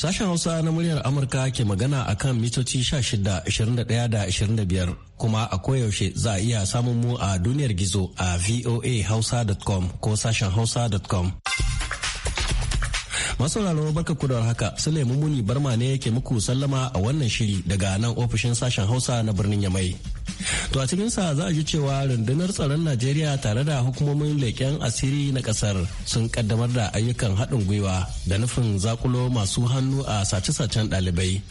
Sashen Hausa na muryar Amurka ke magana a kan mitoci 16, da 25 kuma a koyaushe za a iya samun mu a duniyar gizo a voahausa.com ko sashen hausa.com. Masauraro barka ku da haka Sulaimu Muni Barma ne yake muku sallama a wannan shiri daga nan ofishin sashen Hausa na birnin Yamai. To a cikin sa za a ji cewa rundunar tsaron Najeriya tare da hukumomin leken asiri na kasar sun kaddamar da ayyukan haɗin gwiwa da nufin zakulo masu hannu a sace-sacen ɗalibai.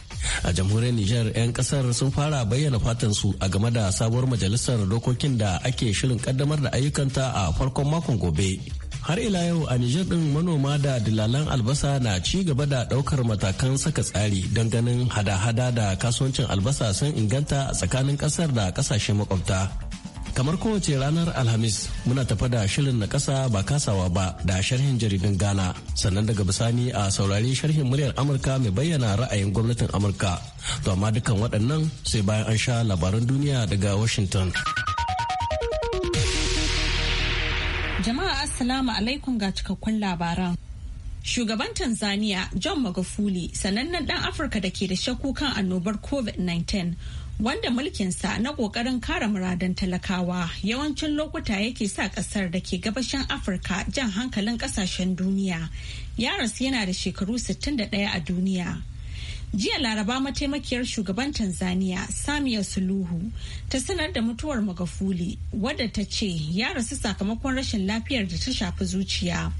A jamhuriyar Nijar 'yan kasar sun fara bayyana fatan su a game da sabuwar majalisar dokokin da ake shirin kaddamar da ayyukanta a farkon makon gobe. har ila yau a Nijar ɗin manoma da dilalan albasa na ci gaba da ɗaukar matakan saka tsari don ganin hada-hada da kasuwancin albasa sun inganta a tsakanin ƙasar da ƙasashe makwabta. Kamar kowace ranar Alhamis muna tafa da shirin na ƙasa ba kasawa ba da sharhin jaridun Ghana sannan daga bisani a saurari sharhin muryar Amurka mai bayyana ra'ayin gwamnatin Amurka. To amma dukkan waɗannan sai bayan an sha labaran duniya daga Washington. Jama'a Assalamu alaikum ga cikakkun labaran. Shugaban Tanzania John Magufuli sanannen ɗan Afirka da ke da shakku kan annobar COVID-19 wanda mulkinsa na ƙoƙarin kare muradan talakawa yawancin lokuta yake sa ƙasar da ke gabashin Afirka jan hankalin ƙasashen duniya. Ya rasu yana da shekaru 61 a duniya. jiya laraba mataimakiyar shugaban tanzania samiya suluhu ta sanar da mutuwar magafuli wadda ta ce ya rasu sakamakon rashin lafiyar da ta shafi zuciya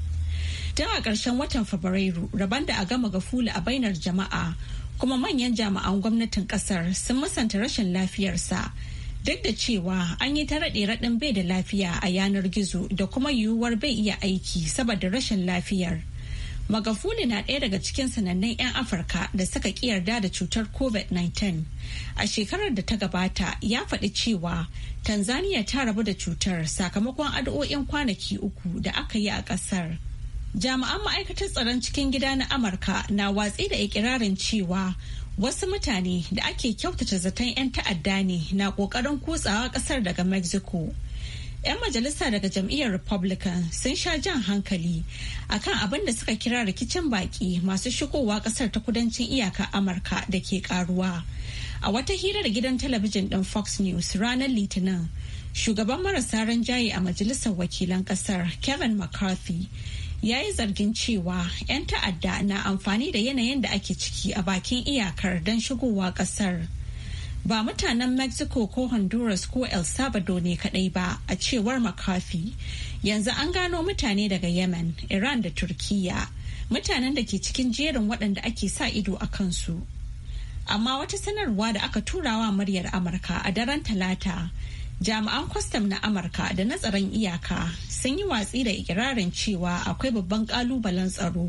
tun a ƙarshen watan fabrairu rabon da a ga gafuli a bainar jama'a kuma manyan jami'an gwamnatin ƙasar sun musanta rashin lafiyarsa duk da cewa an yi ta raɗe raɗin bai da lafiya a yanar gizo da kuma yiwuwar bai iya aiki saboda rashin lafiyar Magafuli na ɗaya daga cikin sanannen 'yan Afirka da suka yarda da cutar COVID-19. A shekarar da ta gabata ya faɗi cewa Tanzania ta rabu da cutar sakamakon addu'o'in kwanaki uku da aka yi a ƙasar. Jami'an ma'aikatar tsaron cikin gida na Amurka na watsi da ikirarin cewa wasu mutane da ake kyautata zaton 'yan ta'adda ne na ƙoƙarin kutsawa ƙasar daga Mexico. 'Yan majalisa daga jam'iyyar Republican sun sha jan hankali akan abin da suka kira rikicin baki masu shigowa kasar ta kudancin iyaka Amurka da ke karuwa. A wata hirar gidan talabijin ɗin Fox News ranar Litinin, shugaban marasa ranjaye a majalisar wakilan kasar Kevin McCarthy ya yi zargin cewa 'yan ta'adda na amfani da yanayin da ake ciki a bakin iyakar don shigowa kasar. ba mutanen mexico ko honduras ko el salvador ne kadai ba a cewar makafi yanzu an gano mutane daga yemen iran da turkiya mutanen da ke cikin jerin waɗanda ake sa ido a kansu amma wata sanarwa da aka turawa muryar amurka a daren talata jami'an kwastam na amurka da na tsaron iyaka sun yi watsi da ikirarin cewa akwai babban kalubalen tsaro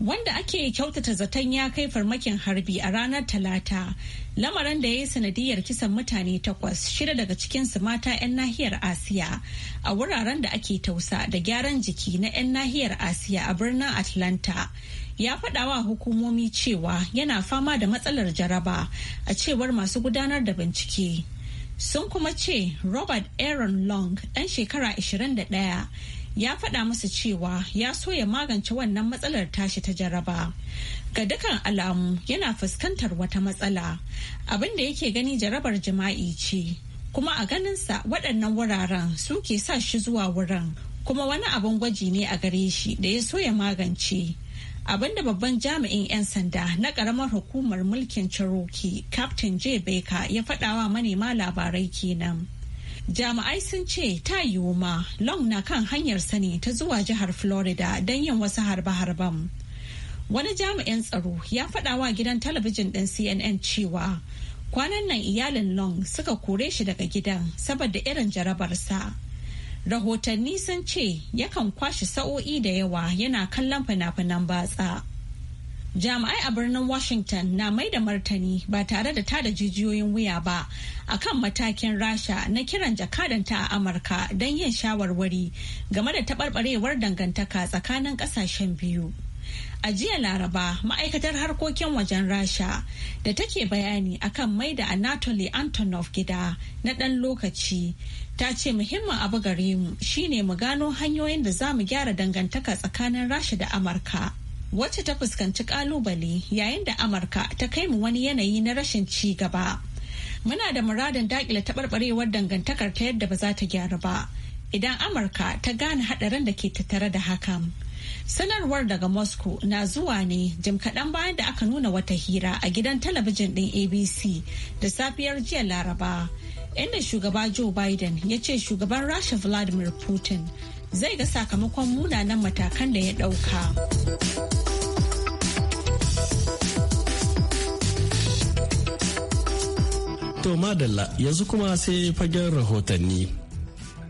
wanda ake kyautata zaton ya kai farmakin harbi a ranar talata lamarin da ya yi sanadiyar kisan mutane takwas shida daga cikinsu mata 'yan nahiyar asiya a wuraren da ake tausa da gyaran jiki na 'yan nahiyar asiya a birnin atlanta ya faɗawa hukumomi cewa yana fama da matsalar jaraba a cewar masu gudanar da bincike sun kuma ce robert aaron long ɗan shekara 21 ya faɗa musu cewa ya so ya magance wannan matsalar tashi ta jaraba. Ga dukan alamu yana fuskantar wata matsala abin da yake gani jarabar jima'i ce. Kuma a ganinsa waɗannan wuraren su ke sa shi zuwa wurin kuma wani abin gwaji ne a gare shi da ya so ya magance. abinda babban jami'in 'yan sanda na karamar hukumar mulkin Cherokee Captain J. Baker ya faɗawa manema labarai kenan. jami'ai sun ce ta yiwu ma long na kan hanyar sani ta zuwa jihar florida don yin wasu harbe-harben wani jami'in tsaro ya faɗa wa gidan talabijin ɗin cnn cewa kwanan nan iyalin long suka kore shi daga gidan saboda irin jarabarsa rahotanni sun ce yakan kwashe sa'o'i da yawa yana kallon fina-finan batsa. jami'ai a birnin washington na mai da martani ba tare da tada jijiyoyin wuya ba akan matakin rasha na kiran jakadanta a amurka don yin shawarwari game da taɓarɓarewar dangantaka tsakanin ƙasashen biyu a jiya laraba ma'aikatar harkokin wajen rasha da take bayani akan mai da anatoly antonov gida na ɗan lokaci ta ce muhimmin abu gare mu shine mu gano hanyoyin da za mu gyara dangantaka tsakanin rasha da amurka wacce ta fuskanci kalubale yayin da amurka ta kai mu wani yanayi na rashin ci gaba muna da muradin dakila taɓarɓarewar dangantakar ta yadda ba za ta gyaru ba idan amurka ta gane haɗarin da ke tattare da hakan sanarwar daga moscow na zuwa ne jim kaɗan bayan da aka nuna wata hira a gidan talabijin ɗin abc da safiyar jiya laraba inda shugaba joe biden ya ce shugaban rasha vladimir putin zai ga sakamakon munanan matakan da ya ɗauka. To madalla yanzu kuma sai fagen rahotanni.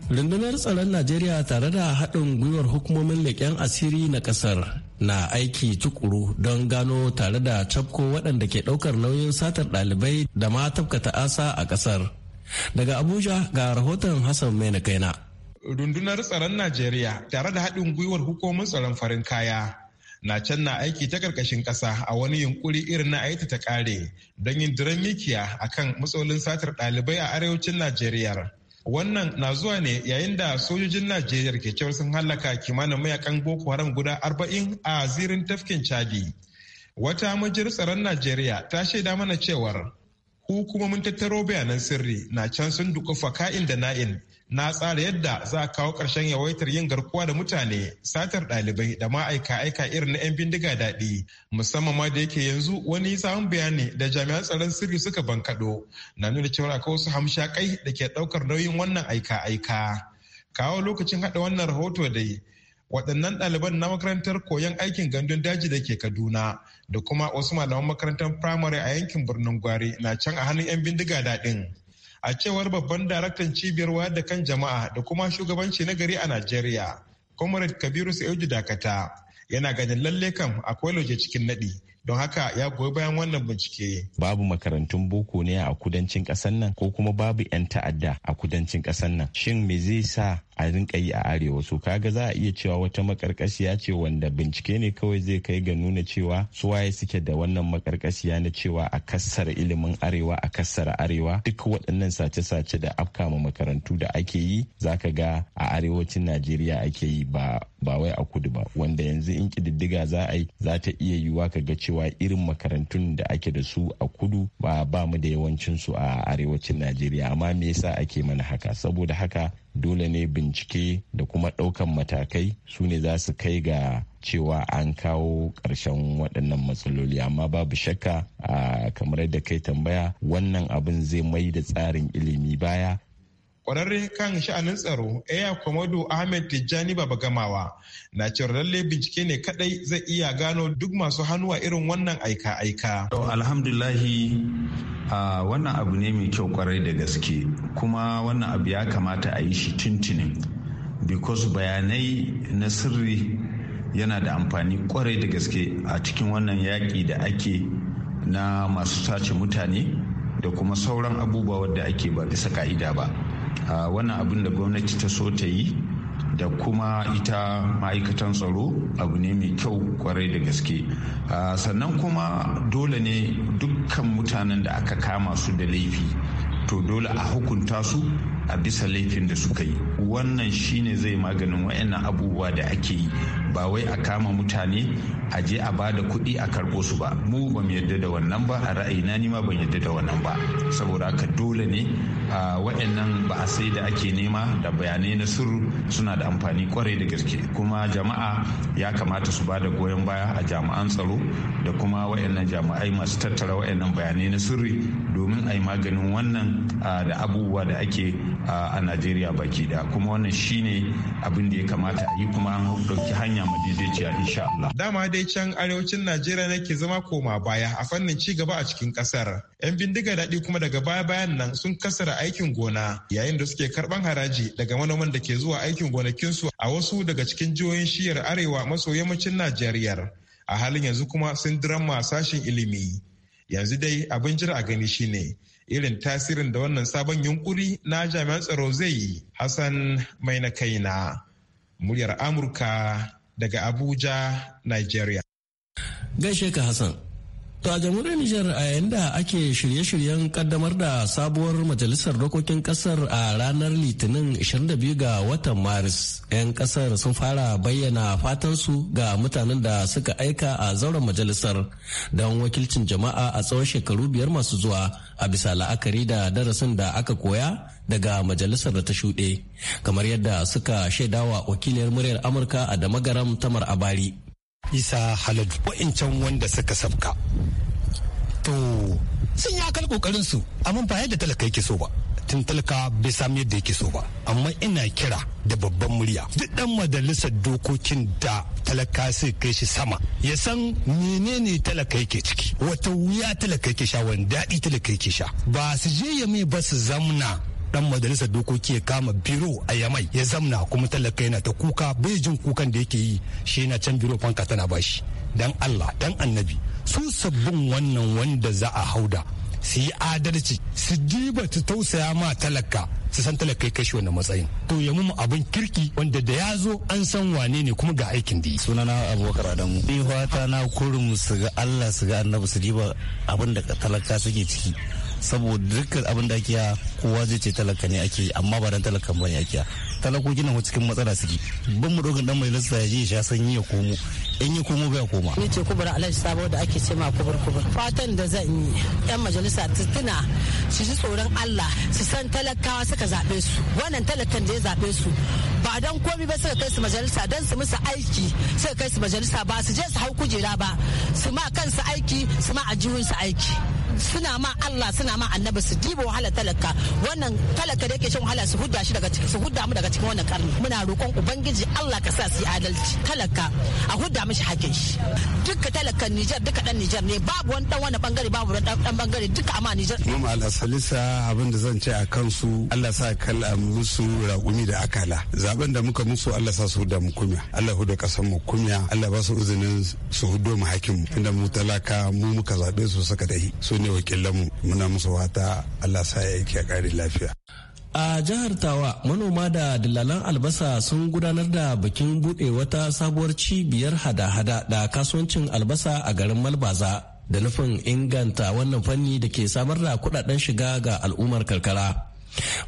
Rundunar tsaron Najeriya tare da haɗin gwiwar hukumomin leƙen asiri na ƙasar na aiki tukuru don gano tare da cafko waɗanda ke ɗaukar nauyin satar ɗalibai da ma tafkata asa a ƙasar. Daga Abuja ga rahoton Hassan mai Kaina. Rundunar tsaron Najeriya tare da haɗin gwiwar hukumomin tsaron farin kaya na can na aiki ta karkashin kasa a wani yunkuri irin na aita ta ƙare don yin diran mikiya a kan matsalolin satar ɗalibai a arewacin Najeriya. Wannan na zuwa ne yayin da sojojin Najeriya ke cewar sun hallaka kimanin mayakan Boko Haram guda arba'in a zirin tafkin Chadi. Wata majiyar tsaron Najeriya ta shaida mana cewar hukumomin tattaro bayanan sirri na can sun dukufa ka'in da na'in na tsara yadda za a kawo ƙarshen yawaitar yin garkuwa da mutane satar ɗalibai da ma'aika aika irin na 'yan bindiga daɗi musamman ma da yake yanzu wani sabon bayani da jami'an tsaron sirri suka bankaɗo na nuna cewa akwai wasu hamshakai da ke ɗaukar nauyin wannan aika aika kawo lokacin haɗa wannan rahoto dai waɗannan ɗaliban na makarantar koyon aikin gandun daji da ke kaduna da kuma wasu malaman makarantar firamare a yankin birnin gwari na can a hannun 'yan bindiga daɗin a cewar babban daraktan cibiyar wayar da kan jama'a da kuma shugabanci na gari a Najeriya, Comrade Kabiru Sa'udu Dakata, yana ganin lalle kam akwai lauje cikin nadi, Don haka ya goyi bayan wannan bincike. Babu makarantun boko ne a kudancin ƙasar nan ko kuma babu 'yan ta'adda a kudancin ƙasar nan. Shin me zai sa a rinka yi a arewa so kaga za a iya cewa wata makarkashiya ce wanda bincike ne kawai zai kai ga nuna cewa su waye suke da wannan makarkashiya na cewa a kassara ilimin arewa a kassara arewa duk waɗannan sace-sace da afkama makarantu da ake yi za ka ga a arewacin najeriya ake yi ba ba wai a kudu ba wanda yanzu in kididdiga za a yi za ta iya yiwuwa ka ga cewa irin makarantun da ake da su a kudu ba ba mu da yawancin su a arewacin najeriya amma me yasa ake mana haka saboda haka dole ne bincike da kuma ɗaukan matakai su ne za su kai ga cewa an kawo ƙarshen waɗannan matsaloli amma babu shakka a kamar da kai tambaya wannan abin zai mai da tsarin ilimi baya kwararre kan sha'anin tsaro Eya Komodo Ahmed Tijjani Baba Gamawa na cewa lalle bincike ne kadai zai iya gano duk masu hannu a irin wannan aika-aika. alhamdulahi uh, wannan abu ne mai kyau kwarai da gaske kuma wannan abu ya kamata a yi shi tuntunin because bayanai na sirri yana da amfani kwarai da gaske a cikin wannan yaƙi da ake na masu sace mutane da kuma sauran abubuwa da ake ba bisa ka'ida ba. wannan abin da gwamnati ta so ta yi da kuma ita ma'aikatan tsaro abu ne mai kyau kwarai da gaske sannan kuma dole ne dukkan mutanen da aka kama su da laifi to dole a hukunta su a bisa laifin da suka yi wannan shine zai maganin wayannan abubuwa da ake yi ba wai a kama mutane a je a ba da kuɗi a karɓo su ba mu ba mu yadda da wannan ba a ra'ayina ni ma ban yadda da wannan ba saboda haka dole ne a wa'annan ba a sai da ake nema da bayanai na sirru suna da amfani kwarai da gaske kuma jama'a ya kamata su ba da goyon baya a jami'an tsaro da kuma wa'annan jami'ai masu tattara wa'annan bayanai na sirri domin a yi maganin wannan da abubuwa da ake a Najeriya baki da kuma wannan shine abin da ya kamata a yi kuma an ɗauki hanya hanya insha Allah. Dama dai can arewacin Najeriya ne ke zama koma baya a fannin ci gaba a cikin kasar. 'Yan bindiga daɗi kuma daga baya bayan nan sun kasara aikin gona yayin da suke karɓan haraji daga manoman da ke zuwa aikin gonakinsu a wasu daga cikin jihohin shiyar arewa maso yammacin Najeriya. A halin yanzu kuma sun diramma sashen ilimi. Yanzu dai abin jira a gani shine irin tasirin da wannan sabon yunkuri na jami'an tsaro zai yi. Hassan mai na kaina. Muryar Amurka daga Abuja, Nigeria. Gaishe ka Hassan. To a jamhuriyar Nijar a yayin da ake shirye-shiryen kaddamar da sabuwar majalisar dokokin kasar a ranar Litinin 22 ga watan Maris, 'yan kasar sun fara bayyana fatansu ga mutanen da suka aika a zauren majalisar don wakilcin jama'a a tsawon shekaru biyar masu zuwa a bisa la'akari da darasin da aka koya daga majalisar da ta shuɗe, kamar yadda suka shaidawa wakiliyar muryar Amurka a Damagaram Tamar Abari. isa haladu wa'incan wanda suka sabka to sun ya kal kokarin su amma ba yadda talaka yake so ba tun talaka bai sami yadda yake so ba amma ina kira da babban murya duk dan majalisar dokokin da talaka sai kai shi sama ya san menene talaka yake ciki wata wuya talaka yake sha wani daɗi talaka yake sha ba su je ya mai ba su zamna dan majalisar dokoki ya kama biro a yamai ya zamna kuma talaka yana ta kuka bai jin kukan da yake yi shi yana can biro fanka tana bashi dan Allah dan annabi su sabbin wannan wanda za a hauda su yi adalci su diba su tausaya ma talaka su san talaka kai shi wannan matsayin to ya mumu abin kirki wanda da ya zo an san wane ne kuma ga aikin da yi sunana abubakar adamu ni fata na kurum su ga Allah su ga annabi su diba abin da talaka suke ciki saboda dukkan abin da ake ya kowa zai ce talaka ne ake amma ba dan talakan bane ake talakoki nan cikin matsala suke ban mu dogon dan majalisa ya je ya sha sanyi ya komo in ya komo bai koma ni ce kubur alaji sabo da ake ce ma kubur kubur fatan da zan yi yan majalisa ta tuna su ji tsoron Allah su san talakawa suka zabe su wannan talakan da ya zabe su ba don komi ba suka kai su majalisa don su musu aiki suka kai su majalisa ba su je su hau kujera ba su ma kansu aiki su ma ajihunsu aiki suna ma Allah suna ma annabi su dibo wahala talaka wannan talaka da yake shan wahala su hudda shi daga cikin su hudda mu daga cikin wannan karni muna roƙon ubangiji Allah ka sa su yi adalci talaka a hudda mishi hakin shi duka talakan Niger duka dan Niger ne babu wani dan wani bangare babu wani dan bangare duka amma Niger ma Allah salisa abin da zan ce a kansu Allah sa kallamu musu raƙumi da akala zaben da muka musu Allah sa su hudda mu kunya Allah huda kasan mu kunya Allah ba su izinin su huddo mu hakin mu inda mu talaka mu muka zabe su saka dahi so ne wakilanmu muna musu wata allah sa ya yake a lafiya a jihar tawa manoma da dillalan albasa sun gudanar da bikin buɗe wata sabuwar cibiyar hada-hada da kasuwancin albasa a garin malbaza da nufin inganta wannan fanni da ke samar da kudaden shiga ga al'ummar karkara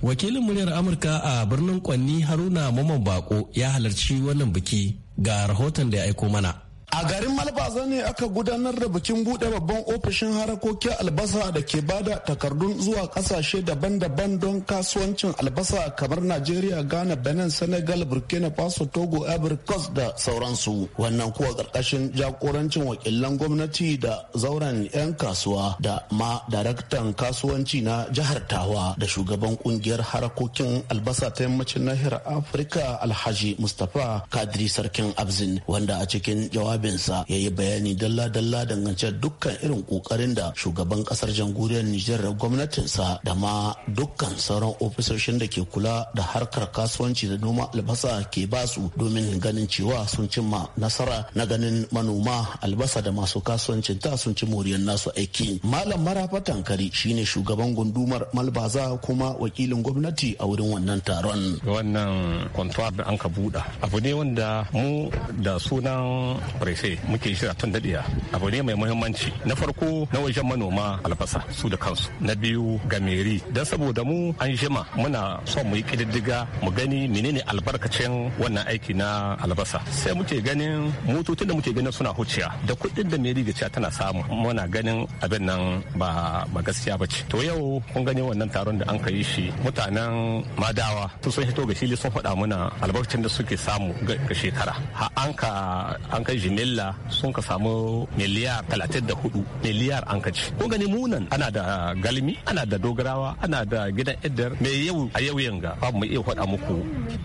wakilin muryar amurka a birnin kwanni haruna maman bako ya halarci wannan biki ga rahoton da ya aiko mana A garin Malbaza ne aka gudanar da bikin buɗe babban ofishin harakokin albasa da ke bada takardun zuwa kasashe daban-daban don kasuwancin albasa kamar Najeriya, Ghana, Benin, Senegal, Burkina Faso, Togo, Ivory Coast da sauransu. Wannan kuwa ƙarƙashin jagorancin wakilan gwamnati da zauren 'yan kasuwa da ma daraktan kasuwanci na jihar Tawa da shugaban kungiyar harakokin albasa ta yammacin nahiyar Afirka Alhaji Mustapha Kadri Sarkin Abzin wanda a cikin jawabin jawabinsa ya yi bayani dalla-dalla dangance dukkan irin kokarin da shugaban kasar jamhuriyar Nijar da gwamnatinsa da ma dukkan sauran ofisoshin da ke kula da harkar kasuwanci da noma albasa ke basu domin ganin cewa sun cimma nasara na ganin manoma albasa da masu kasuwancin ta sun ci moriyar nasu aiki. Malam Marafa Tankari shine shugaban gundumar Malbaza kuma wakilin gwamnati a wurin wannan taron. Wannan kwantuwar an ka buɗa abu ne wanda mu da sunan sai muke shirya tun daɗiya abu ne mai muhimmanci na farko na wajen manoma albasa su da kansu na biyu ga don saboda mu an jima muna son mu yi ƙididdiga mu gani menene albarkacin wannan aiki na albasa sai muke ganin motocin da muke ganin suna huciya da kuɗin da meri da tana samu muna ganin abin nan ba ba gaskiya ba ce to yau kun gani wannan taron da an kai shi mutanen madawa su sun hito ga shi sun faɗa muna albarkacin da suke samu ga shekara an ka an kai milla sun ka samu miliyar 34 miliyar an kaci kun gani munan ana da galimi ana da dogarawa ana da gidan idar mai yau a yau yanga babu mai iya faɗa muku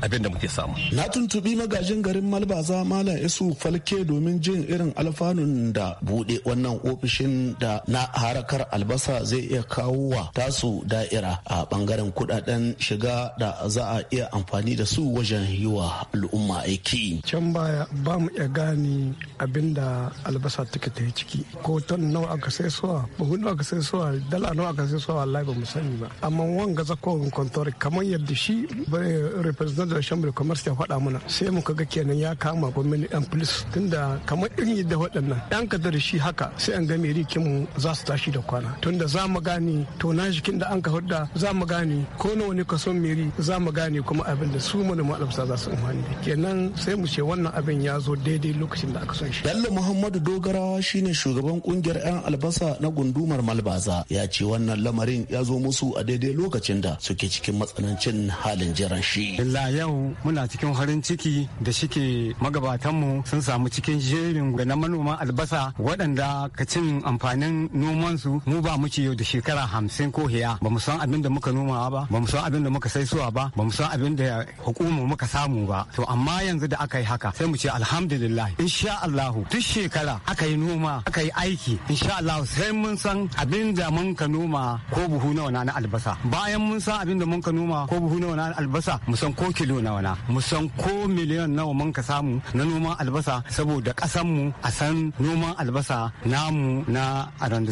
abin da muke samu na tuntubi magajin garin malbaza malam isu falke domin jin irin alfanun da buɗe wannan ofishin da na harakar albasa zai iya kawo wa tasu da'ira a bangaren kudaden shiga da za a iya amfani da su wajen yi wa al'umma aiki can baya ba mu iya gane abinda albasa take ta yi ciki ko ton nawa aka sai suwa nawa aka sai suwa dala nawa aka sai suwa wallahi ba mu sani ba amma wanga zakon kontori kamar yadda shi eh, representant da shambar commerce ya faɗa mana sai mu ga kenan ya kama gwamnati dan police tunda kamar irin yadda waɗannan dan ka da shi haka sai an ga meri mu za su tashi da kwana tunda za mu gane to na jikin da an ka hudda za mu gane ko nawa ne kason meri za mu gane kuma abin da su mu albasa za su amfani kenan sai mu ce wannan abin ya zo daidai lokacin da aka aka shi Bello Muhammadu Dogarawa shine shugaban kungiyar 'yan albasa na gundumar Malbaza ya ce wannan lamarin ya zo musu a daidai lokacin da suke cikin matsanancin halin jiran shi. Illa yau muna cikin farin ciki da shike magabatanmu sun samu cikin jerin ga na manoman albasa waɗanda ka cin amfanin nomansu mu ba mu yau da shekara hamsin ko hiya ba mu san abin da muka nomawa ba ba mu san abin da muka saisuwa ba ba mu san abin da hukuma muka samu ba to amma yanzu da aka yi haka sai mu ce alhamdulillah in sha. Allahu duk shekara aka yi noma aka yi aiki insha Allahu sai mun san abin da mun ka noma ko buhu nawa na albasa bayan mun san abin da mun ka noma ko buhu nawa na albasa mu san ko kilo nawa na mu san ko miliyan nawa mun ka samu na noman albasa saboda kasan mu a san noman albasa namu na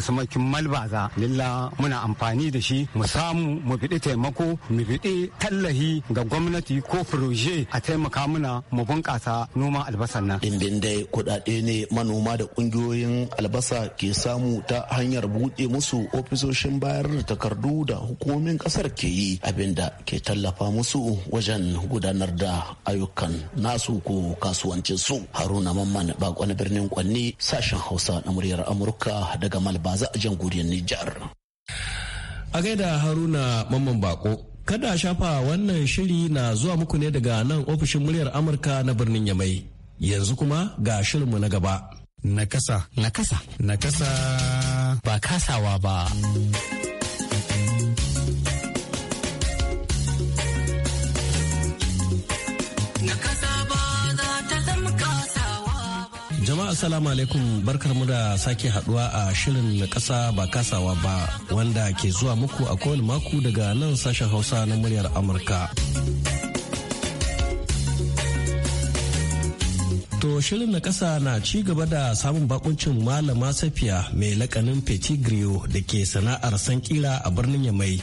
Samakin malbaza lilla muna amfani da shi mu samu mu fiɗi taimako mu fiɗi tallahi ga gwamnati ko proje a taimaka muna mu bunkasa noman albasa nan. Dimbin dai ko kuɗaɗe ne manoma da kungiyoyin albasa ke samu ta hanyar buɗe musu ofisoshin bayar da takardu da hukumomin kasar ke yi abinda ke tallafa musu wajen gudanar da ayyukan nasu ko kasuwancin su haruna mamman bakon birnin kwanni sashen hausa na muryar amurka daga malbaza a jamhuriyar nijar a gaida haruna mamman bako kada shafa wannan shiri na zuwa muku ne daga nan ofishin muryar amurka na birnin yamai Yanzu kuma ga shirinmu na gaba. Nakasa. Nakasa. Nakasa. Ba kasawa ba. jama'a assalamu alaikum barkar mu da sake haduwa a shirin na kasa ba kasawa ba wanda ke zuwa muku a kowane mako daga nan sashen hausa na muryar amurka. To shirin na ƙasa na ci gaba da samun bakuncin malama safiya mai lakanin griot da ke sana'ar sankira a birnin Yamai.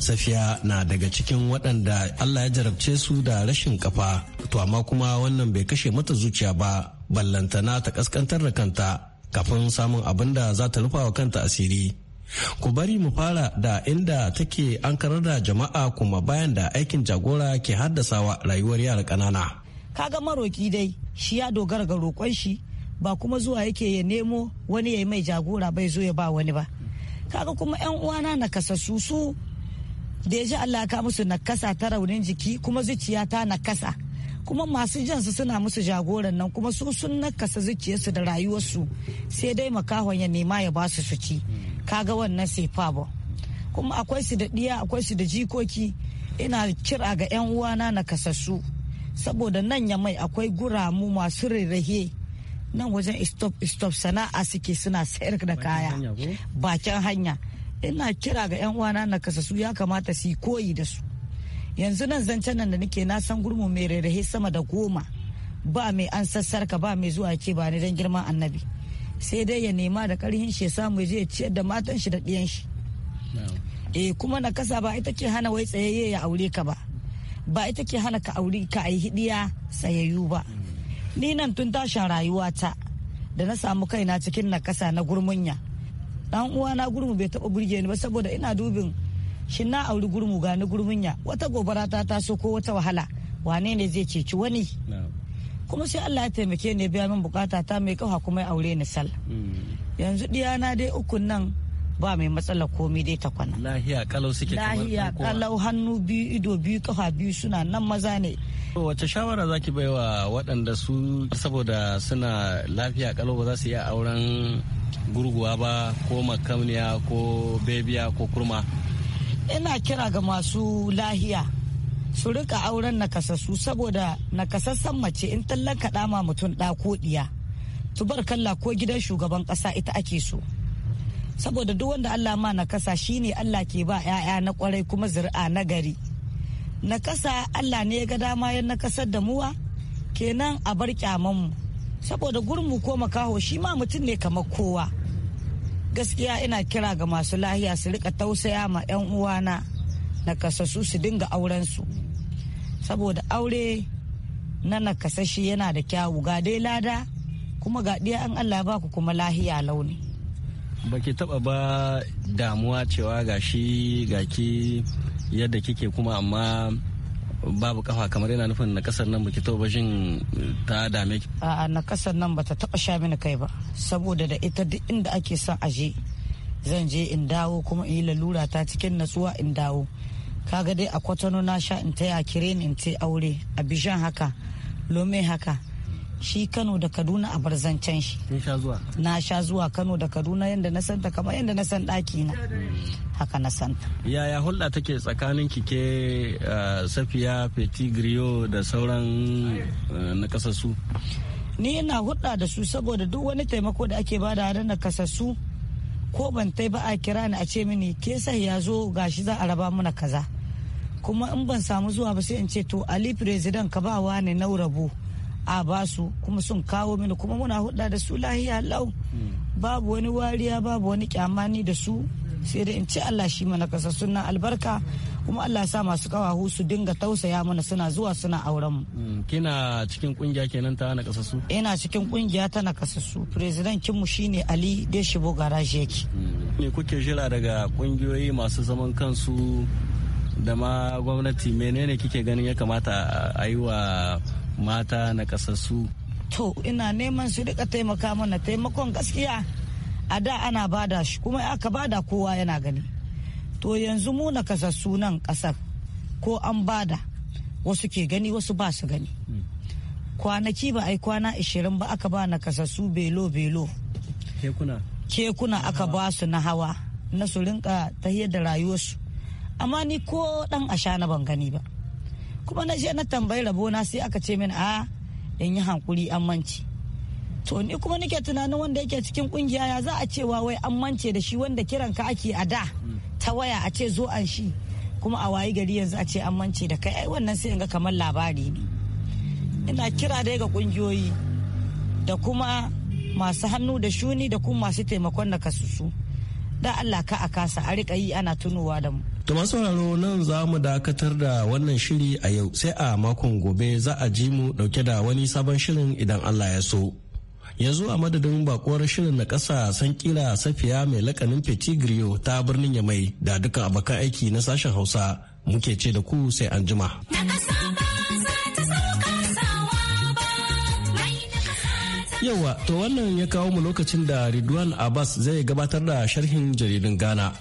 Safiya na daga cikin waɗanda Allah ya jarabce su da rashin kafa, to amma kuma wannan bai kashe mata zuciya ba, ballantana ta kaskantar da kanta kafin samun abin da za ta rufa wa kanta asiri. Ku bari mu fara da inda take an karar da jama'a kuma bayan da aikin jagora ke haddasawa rayuwar yara ƙanana. kaga maroki dai shi ya dogara ga roƙon shi ba kuma zuwa yake ya nemo wani ya yi mai jagora bai zo ya ba wani ba kaga kuma yan uwana na kasa su da ya ji Allah ka musu nakasa ta raunin jiki kuma zuciya ta nakasa kuma masu jansu suna musu jagoran nan kuma su sun nakasa zuciyarsu da rayuwarsu sai dai makahon ya nema ya ba su su ci kaga wannan sai fabo kuma akwai su da diya akwai su da jikoki ina kira ga yan uwana na kasassu saboda nan ya mai akwai guramu masu rairaye nan wajen stop stop sana'a suke suna sayar da kaya bakin hanya ina kira ga yan uwana na kasasu ya kamata su koyi da su yanzu nan zancen nan da nake na san gurmu mai rairaye sama da goma ba mai an sassarka ba mai zuwa ce ba ni dan girman annabi sai dai ya nema da karhin shi ya samu ya ya ciyar da matan shi da ɗiyan shi eh kuma na kasa ba ita ce hana wai tsayayye ya aure ka ba ba ita ke hana ka auri ka ayi hidiya sayayyu ba ni nan tun tashin rayuwata da na samu kaina cikin na kasa na gurmunya dan uwa na gurmu bai taba burge ni ba saboda ina dubin shin na auri gurmu ga ni gurmunya wata gobara ta taso ko wata wahala wane ne zai ceci wani kuma sai Allah ya taimake ni biya min bukata ta mai kafa kuma ya aure ni sal hmm. yanzu diyana dai ukun nan ba mai matsala komai dai ta kwana lahiya kalau suke lahiya kalau hannu biyu ido biyu kafa biyu suna nan maza ne wace shawara zaki baiwa waɗanda su saboda suna lafiya kalau ba za su iya auren gurguwa ba ko makamniya ko bebiya ko kurma ina kira ga masu lahiya su rika auren nakasassu saboda nakasassan mace in tallan kaɗa mutum ɗa ko ɗiya kalla ko gidan shugaban ƙasa ita ake so saboda duk wanda Allah ma na kasa shine Allah ke ba 'ya'ya na kwarai kuma zuri'a na gari na kasa Allah ne ya ga dama ya na kasar da muwa kenan a bar kyaman mu saboda gurmu ko makaho shi ma mutum ne kamar kowa gaskiya ina kira ga masu lahiya su rika tausaya ma 'yan uwana na kasasu su dinga aurensu saboda aure na nakasashi yana da kyawu ga dai lada kuma ga an Allah ba ku kuma lahiya launi. baki taba ba damuwa cewa gashi gaki yadda kike kuma amma babu kafa kamar yana nufin na kasar nan baki taba shin ta dame ki a'a na kasar nan bata taba sha mini kai ba saboda da ita duk inda ake son aje zan je in dawo kuma in yi lalura ta cikin natsuwa in dawo kaga dai a kwatano na sha in taya kire ni in te aure a bishan haka lome haka shi kano da kaduna a barzancen shi na sha zuwa kano da kaduna yadda na santa kamar yadda na san ɗaki na haka na santa yaya hulɗa take tsakanin kike eh, safiya griyo da sauran eh, na kasassu ni ina hulɗa da su saboda duk wani taimako da ake bada da na kasassu ko ban tai ba a kira ni a ce mini ke sai ya zo gashi za a raba mana kaza kuma in ban samu zuwa ba sai in ce to ali president ka ba wa ne na rabo a basu kuma sun kawo mini kuma muna hudu da su lahiya lau babu wani wariya babu wani kyamani da su sai dai in ci Allah shi mana kasa suna albarka kuma Allah sa masu kawahu su dinga tausaya mana suna zuwa suna auren mu. Mm, kina cikin kungiya kenan ta na su Ina cikin kungiya ta na su President mu shine Ali Deshibo Garaje yake. Mm, me kuke jira daga kungiyoyi masu zaman kansu da ma gwamnati menene kike ganin ya kamata a yi wa mata na kasassu to ina neman su rika taimaka mana taimakon gaskiya a da ana bada shi kuma aka bada kowa yana gani to yanzu mu na kasassu nan kasar ko an bada wasu ke gani wasu ba su gani kwanaki ba ai kwana ishirin ba aka ba na kasassu belo belo kekuna aka ba su na hawa na su rinka tahiyar da rayuwarsu amma ni ko dan ashana ban gani ba kuma na je na tambayi rabona sai aka ce min a in yi hankuri an mance to ni kuma nake tunanin wanda yake cikin kungiya ya za a wa wai an mance da shi wanda kiran ka ake a da ta waya a ce zo an shi kuma a wayi gari yanzu a ce an mance da kai ai wannan sai in ga kamar labari ne ina kira dai ga kungiyoyi da kuma masu hannu da shuni da kuma masu taimakon na kasusu da Allah ka a kasa a riƙa yi ana tunowa da mu To masu sauraro nan za mu dakatar da wannan shiri a yau sai a makon gobe za a ji mu dauke da wani sabon shirin idan Allah ya so. Yanzu a madadin bakuwar shirin na kasa san kila safiya mai lakanin Petigrio ta birnin Yamai da dukkan abokan aiki na sashen Hausa muke ce da ku sai an jima. Yawa, to wannan ya kawo mu lokacin da Ridwan Abbas zai gabatar da sharhin jaridun Ghana.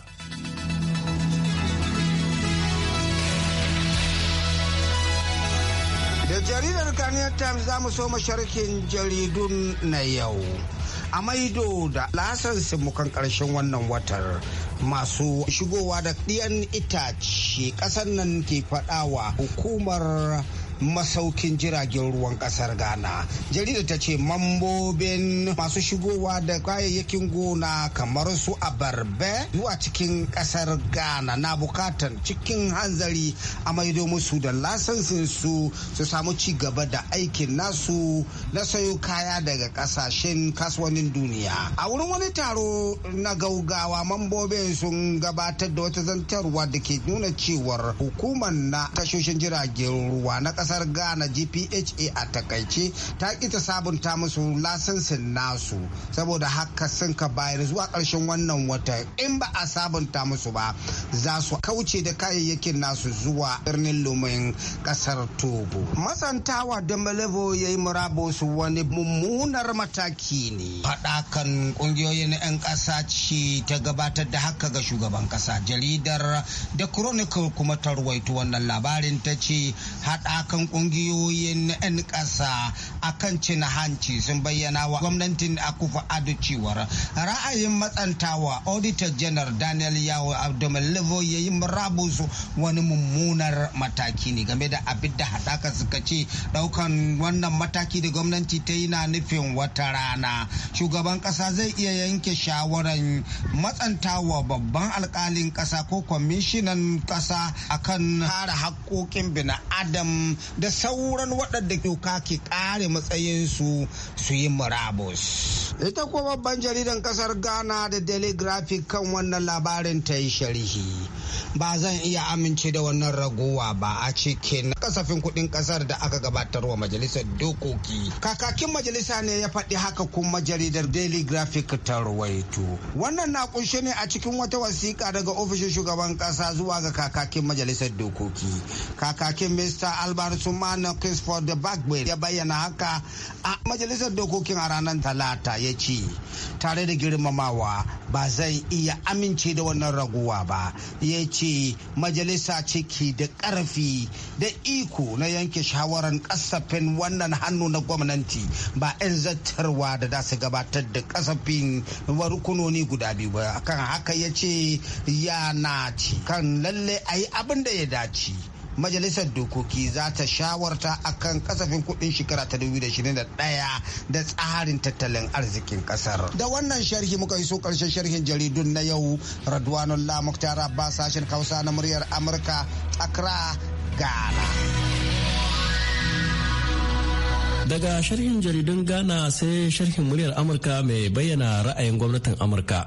jaridar Ghanaian Times za mu so masharkin jaridun na yau. A maido da lasansin mukan karshen wannan watar masu shigowa da ɗiyan itace ƙasar nan ke faɗawa hukumar masaukin jiragen ruwan kasar ghana jarida ta ce mambobin masu shigowa da kayayyakin gona kamar su abarbe zuwa cikin kasar ghana na bukatan cikin hanzari a maido musu da lasansin su su samu ci gaba da aikin nasu na sayo kaya daga kasashen kasuwannin duniya a wurin wani taro na gaugawa mambobin sun gabatar da wata zantarwa da ke nuna cewar hukumar na tashoshin jiragen ruwa na kasar kasar ghana gpha a takaice ta ƙi ta sabunta musu lasinsin nasu saboda haka sun ka bayar zuwa ƙarshen wannan wata in ba a sabunta musu ba za su kauce da kayayyakin nasu zuwa birnin lumin kasar togo masantawa malevo ya yi murabus wani mummunar mataki ne haɗakan ƙungiyoyin 'yan ƙasa ce ta gabatar da haka ga shugaban ƙasa jaridar da chronicle kuma ta ruwaito wannan labarin ta ce haɗakan shugaban kungiyoyin 'yan ƙasa kan cin hanci sun bayyana wa gwamnatin akufa ado cewar ra'ayin matsantawa auditor general daniel yawo abdomalevo ya yi murabusu wani mummunar mataki ne game da abin da haɗaka suka ce ɗaukan wannan mataki da gwamnati ta yi na nufin wata rana shugaban ƙasa zai iya yanke shawarar matsantawa babban alkalin ƙasa ko kwamishinan ƙasa akan kare haƙƙoƙin bin adam da sauran waɗanda doka ke ƙare matsayinsu su yi murabus. ita kuma babban jaridan kasar ghana da daily graphic kan wannan labarin ta yi sharhi ba zan iya amince da wannan ragowa ba a cikin kasafin kudin kasar da aka gabatar wa majalisar dokoki kakakin majalisa ne ya faɗi haka kuma jaridar daily graphic ta ruwaito wannan na kunshe ne a cikin wata wasiƙa daga ofishin shugaban ƙasa zuwa ga kakakin majalisar dokoki kakakin mr albert sumana kingsford bagbe ya bayyana haka a majalisar dokokin a ranar talata ya ya ce tare da girmamawa ba zan iya amince da wannan raguwa ba ya ce majalisa ciki da ƙarfi da iko na yanke shawarar kasafin wannan hannu na gwamnati ba 'yan zartarwa da za su gabatar da kasafin rukunoni guda biyu ba kan haka ya ce yana ci kan lalle a yi abin da ya dace majalisar dokoki za ta shawarta akan kasafin kuɗin shekara ta 2021 da tsarin tattalin arzikin kasar da wannan sharhi muka yi so karshen sharhin jaridun na yau radwanul lamuktar ba sashen hausa na muryar amurka accra ghana daga sharhin jaridun ghana sai sharhin muryar amurka mai bayyana ra'ayin gwamnatin amurka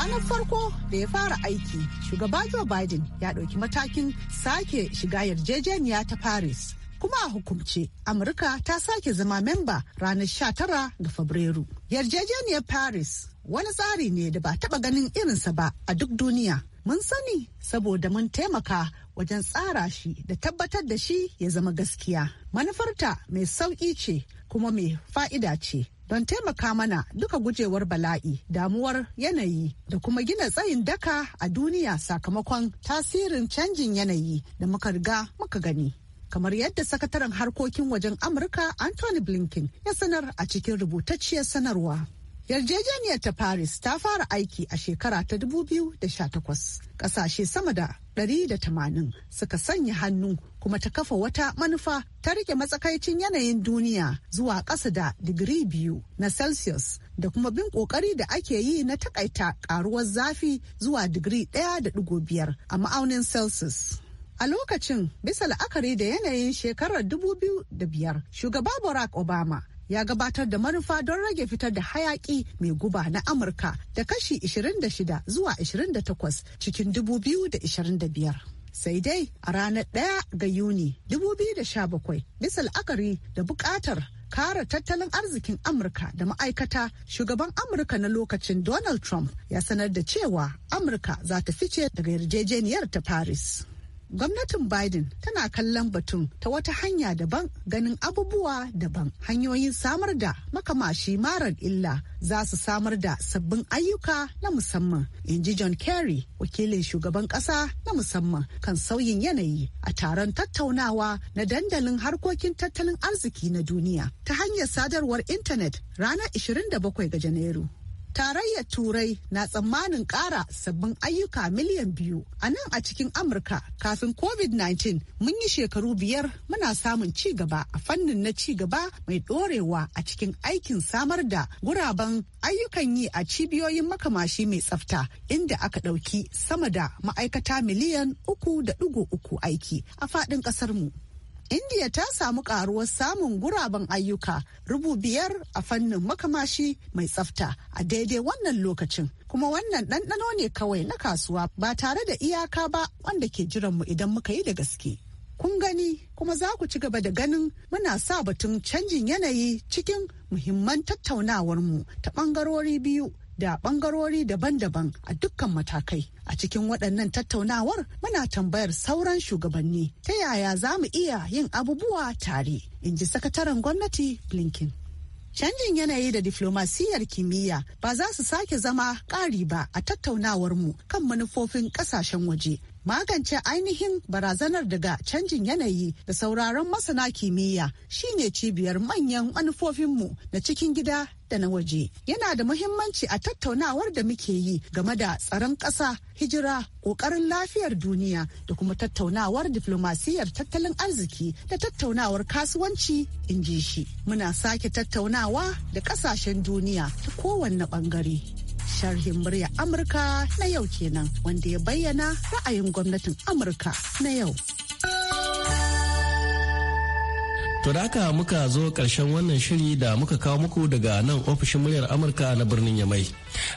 ranar farko da ya fara aiki shugaba joe biden ya ɗauki matakin sake shiga yarjejeniya ta paris kuma a hukumce amurka ta sake zama memba ranar 19 ga fabrairu yarjejeniyar paris wani tsari ne da ba taba ganin irinsa ba a duk duniya mun sani saboda mun taimaka wajen tsara shi da tabbatar da shi ya zama gaskiya manufarta mai sauƙi ce kuma mai fa'ida ce don taimaka mana duka gujewar bala'i damuwar yanayi da kuma gina tsayin daka a duniya sakamakon tasirin canjin yanayi da muka riga muka gani kamar yadda sakataren harkokin wajen amurka anthony blinken ya sanar a cikin rubutacciyar sanarwa Yarjejeniyar ta Paris ta fara aiki a shekara ta 2018. Ƙasashe sama da 180 suka sanya hannu kuma ta kafa wata manufa ta rike matsakaicin yanayin duniya zuwa ƙasa da digiri biyu na Celsius da kuma bin ƙoƙari da ake yi na takaita ƙaruwar zafi zuwa digiri ɗaya da ɗigo biyar a ma'aunin Celsius. A lokacin bisa la'akari da yanayin shekarar 2005 shugaba Barack Obama ya gabatar da manufa don rage fitar da hayaki mai guba na Amurka da kashi 26 zuwa 28 cikin 2025. Sai dai a ranar 1 ga Yuni 2017 bisa la'akari da bukatar kara tattalin arzikin Amurka da ma'aikata shugaban Amurka na lokacin Donald Trump ya sanar da cewa Amurka za ta fice daga yarjejeniyar ta Paris. gwamnatin Biden tana kallon batun ta wata hanya daban ganin abubuwa daban hanyoyin samar da makamashi marar illa za su samar da sabbin ayyuka na musamman in ji John Kerry wakilin shugaban kasa na musamman kan sauyin yanayi a taron tattaunawa na dandalin harkokin tattalin arziki na duniya ta hanyar sadarwar intanet ranar 27 ga Janairu. Tarayyar Turai na tsammanin ƙara sabbin ayyuka miliyan biyu a nan a cikin Amurka kafin COVID-19 mun yi shekaru biyar muna samun ci gaba a fannin na ci gaba mai ɗorewa a cikin aikin samar da guraben ayyukan yi a cibiyoyin makamashi mai tsafta inda aka ɗauki sama da ma'aikata miliyan uku da dugo uku aiki a faɗin ƙasarmu. mu. Indiya ta samu karuwar samun guraben ayyuka rubu biyar a fannin makamashi mai tsafta a daidai wannan lokacin. Kuma wannan ɗanɗano ne kawai na kasuwa ba tare da iyaka ba wanda ke jiranmu idan muka yi da gaske. Kun gani kuma za ku ci gaba da ganin muna sa batun canjin yanayi cikin muhimman tattaunawarmu ta ɓangarori biyu da bangarori daban-daban a dukkan matakai. A cikin waɗannan tattaunawar muna tambayar sauran shugabanni ta yaya za mu iya yin abubuwa tare, in ji sakataren gwamnati Blinken. Canjin yanayi da diflomasiyyar kimiyya ba za su sake zama ƙari ba a tattaunawar mu kan manufofin ƙasashen waje. Magance ainihin barazanar daga canjin yanayi da sauraron masana kimiyya shine cibiyar manyan manufofinmu na cikin gida da na waje yana da muhimmanci a tattaunawar da muke yi game da tsaron ƙasa hijira ƙoƙarin lafiyar duniya da kuma tattaunawar diflomasiyyar tattalin arziki da tattaunawar kasuwanci in ji shi muna sake tattaunawa da ƙasashen duniya ta kowanne ɓangare sharhin murya amurka na yau kenan wanda ya bayyana ra'ayin gwamnatin amurka na yau To da haka muka zo ƙarshen wannan shiri da muka kawo muku daga nan ofishin muryar Amurka na birnin Yamai.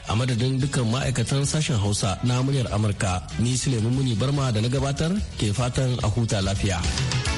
A madadin dukkan ma'aikatan sashen Hausa na muryar Amurka, ni Suleiman Muni Barma da na gabatar ke fatan a huta lafiya.